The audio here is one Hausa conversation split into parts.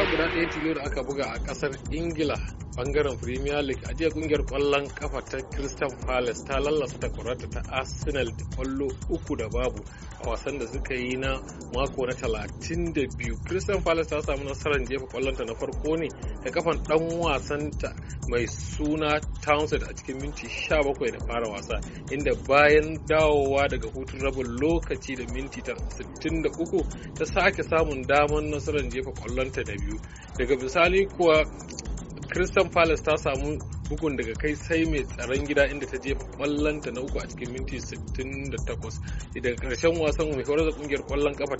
wasa guda ɗaya tilo da aka buga a ƙasar ingila bangaren premier league a jiya kungiyar kwallon kafa ta crystal palace ta lallasa takwarata ta arsenal da kwallo uku da babu a wasan da suka yi na mako na talatin da biyu crystal palace ta samu nasarar jefa kwallonta na farko ne da kafan dan wasanta mai suna Townsend a cikin minti 17 da fara wasa inda bayan dawowa daga hutun rabin lokaci da minti 63 ta sake samun damar nasarar jefa kwallonta da biyu daga misali kuwa Crystal Palace ta samu bugun daga kai sai mai tsaron gida inda ta jefa kwallonta na uku a cikin minti 68 daga karshen wasan mai horar da kungiyar kwallon kafa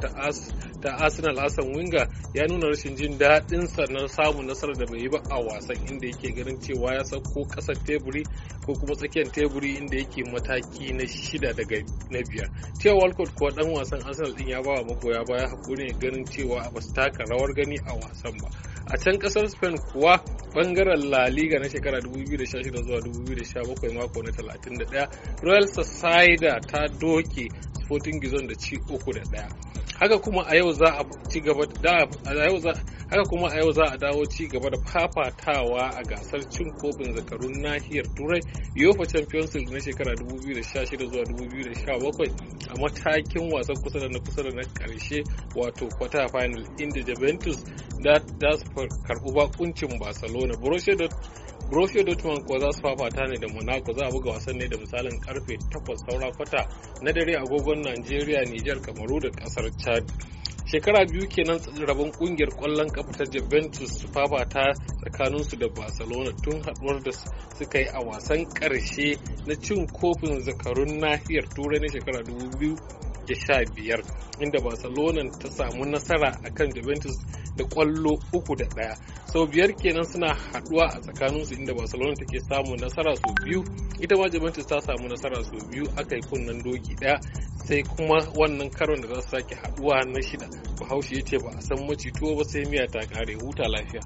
ta arsenal hassan winga ya nuna rashin jin daɗin na samun nasarar da bai yi ba a wasan inda yake ganin cewa ya sauko ƙasar teburi ko kuma tsakiyar teburi inda yake mataki na shida daga na biyar cewa walcott kuwa dan wasan arsenal din ya ba wa magoya baya hakuri ganin cewa ba su taka rawar gani a wasan ba a can kasar spain kuwa bangaren la liga na shekara 2016 zuwa 2017 mako na 31 royal society ta doke sporting gizon da ci uku da daya haka kuma a yau za a ci gaba da haka kuma a yau za a dawo ci gaba da fafatawa a gasar cin kofin zakarun nahiyar turai yofa champions league na shekara 2016 zuwa 2017 a matakin wasan kusa da na kusa da na karshe wato quarter final inda juventus da su karbu bakuncin barcelona borussia dortmund Borussia Dortmund kuwa za su fafata ne da Monaco za a buga wasan ne da misalin karfe 8 saura kwata na dare agogon Najeriya, Nijar, Kamaru da kasar Chad. Shekara biyu kenan rabon kungiyar kwallon kafa ta Juventus su fafata tsakaninsu da Barcelona tun haduwar da suka yi a wasan karshe na cin kofin zakarun nahiyar Turai na shekara 2015 inda Barcelona ta samu nasara akan Juventus da kwallo uku da ɗaya sau biyar kenan suna haɗuwa a tsakaninsu inda barcelona take samun nasara sau biyu ita ma juventus ta samu nasara sau biyu aka yi kunnen doki ɗaya sai kuma wannan karon da za su sake haɗuwa na shida bahaushe ya ce ba a san maci ba sai miya ta kare huta lafiya